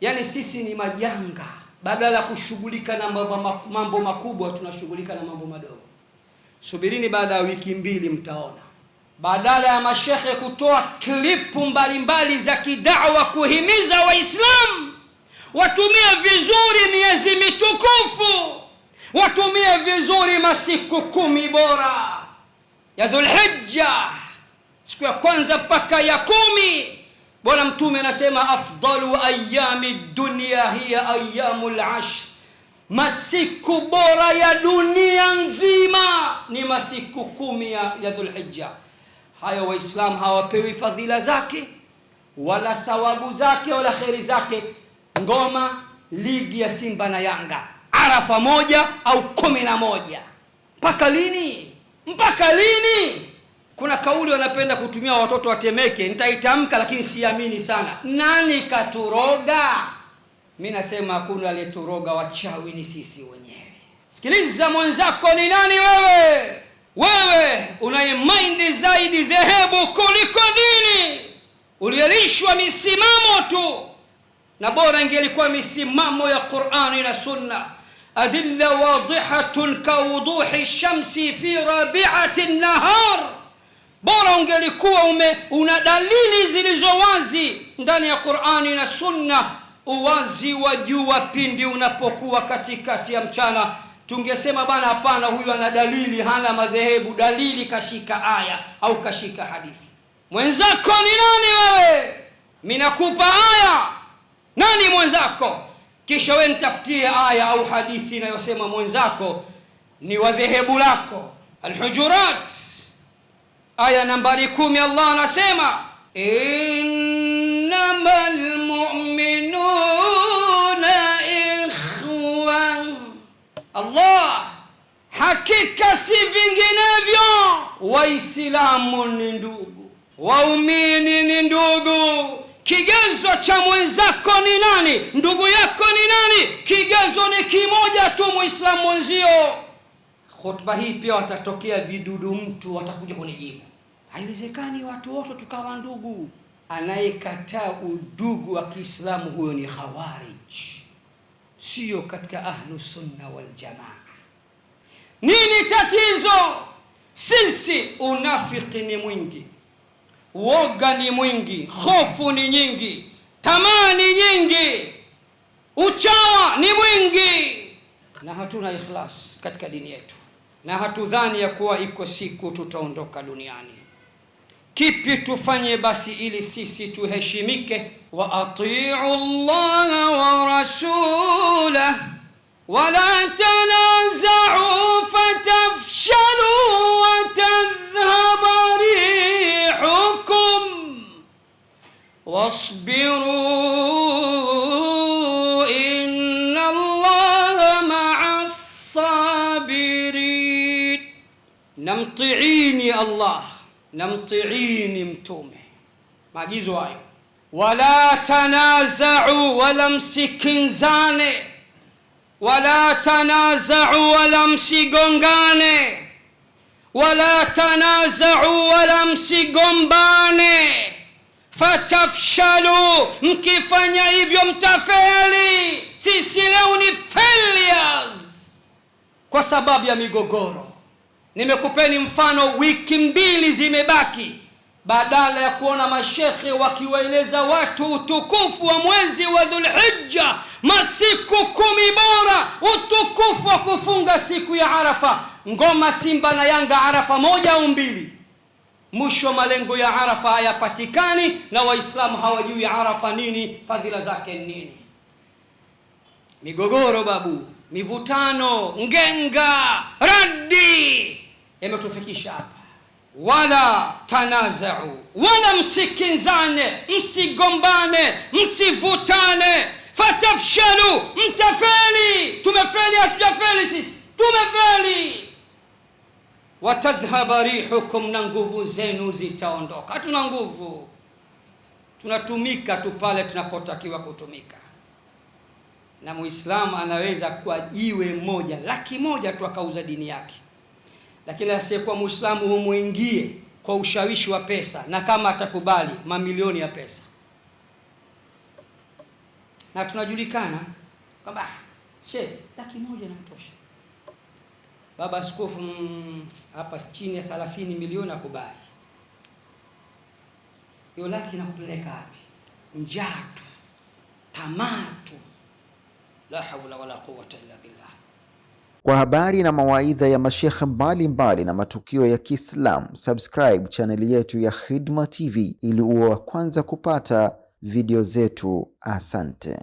Yaani sisi ni majanga, badala ya kushughulika na mambo makubwa tunashughulika na mambo madogo. Subirini, baada ya wiki mbili mtaona. Badala ya mashekhe kutoa klipu mbalimbali za kidawa kuhimiza Waislamu watumie vizuri miezi mitukufu, watumie vizuri masiku kumi bora ya Dhulhijja, siku ya kwanza mpaka ya kumi Bwana Mtume anasema afdalu ayami dunia hiya ayamu lashr, masiku bora ya dunia nzima ni masiku kumi ya Dhulhijja. Hayo Waislamu hawapewi fadhila zake wala thawabu zake wala kheri zake. Ngoma ligi ya Simba na Yanga, Arafa moja au kumi na moja. Mpaka lini? Mpaka lini? Kuna kauli wanapenda kutumia watoto watemeke, nitaitamka lakini siamini sana. Nani katuroga? Mi nasema hakuna aliyeturoga, wachawi ni sisi wenyewe. Sikiliza mwenzako, ni nani wewe? Wewe unayemaindi zaidi dhehebu kuliko dini, ulielishwa misimamo tu, na bora ingelikuwa misimamo ya Qurani na Sunna. Adilla wadihatun kawuduhi shamsi fi rabiati nahar bora ungelikuwa ume una dalili zilizo wazi ndani ya Qur'ani na Sunna, uwazi wa jua pindi unapokuwa katikati ya mchana, tungesema bana, hapana, huyu ana dalili, hana madhehebu. Dalili kashika aya au kashika hadithi. Mwenzako ni nani wewe? Minakupa aya, nani mwenzako? Kisha we nitafutie aya au hadithi inayosema mwenzako ni wa dhehebu lako. Alhujurat Aya nambari kumi Allah anasema innama mu'minuna ikhwa Allah hakika si vinginevyo, Waislamu ni ndugu, waumini ni ndugu. Kigezo cha mwenzako ni nani? Ndugu yako ni nani? Kigezo ni kimoja tu, Muislamu mwenzio hotuba hii pia watatokea vidudu mtu watakuja kunijibu. Haiwezekani watu wote tukawa ndugu. Anayekataa udugu wa Kiislamu huyo ni khawarij, sio katika ahlu sunna wal jamaa. Nini tatizo? Sisi unafiki ni mwingi, woga ni mwingi, hofu ni nyingi, tamaa ni nyingi, uchawa ni mwingi, na hatuna ikhlas katika dini yetu na hatudhani ya kuwa iko siku tutaondoka duniani. Kipi tufanye basi ili sisi tuheshimike? wa atiu llaha wa rasulah wala tanazau fatafshalu watadhhaba rihukum wasbiru na mtiini Allah na mtiini mtume, maagizo hayo. Wala tanazau, wala msikinzane, wala tanazau, wala msigongane, wala tanazau, wala msigombane fatafshalu, mkifanya hivyo mtafeli. Sisi leo ni failures kwa sababu ya migogoro Nimekupeni mfano, wiki mbili zimebaki, badala ya kuona mashekhe wakiwaeleza watu utukufu wa mwezi wa Dhulhijja, masiku kumi bora, utukufu wa kufunga siku ya Arafa, ngoma Simba na Yanga Arafa moja au mbili, mwisho malengo ya Arafa hayapatikani na Waislamu hawajui Arafa nini, fadhila zake nini. Migogoro babu, mivutano, ngenga, radi yametufikisha hapa. Wala tanazau, wala msikinzane, msigombane, msivutane. Fatafshalu, mtafeli. Tumefeli? Hatujafeli sisi, tumefeli. Watadhhaba rihukum, na nguvu zenu zitaondoka. Hatuna nguvu, tunatumika tu pale tunapotakiwa kutumika. Na muislamu anaweza kuwa jiwe moja, laki moja tu akauza dini yake lakini asiyekuwa Muislamu humwingie kwa ushawishi wa pesa, na kama atakubali mamilioni ya pesa. Na tunajulikana kwamba she ah, laki moja inamtosha baba askofu mm, hapa, chini ya 30 milioni akubali. Hiyo laki inakupeleka wapi? Njaa tu, tamaa tu, la haula wala quwwata illa billah. Kwa habari na mawaidha ya mashekhe mbalimbali na matukio ya Kiislamu, subscribe chaneli yetu ya Khidma TV ili uwe wa kwanza kupata video zetu. Asante.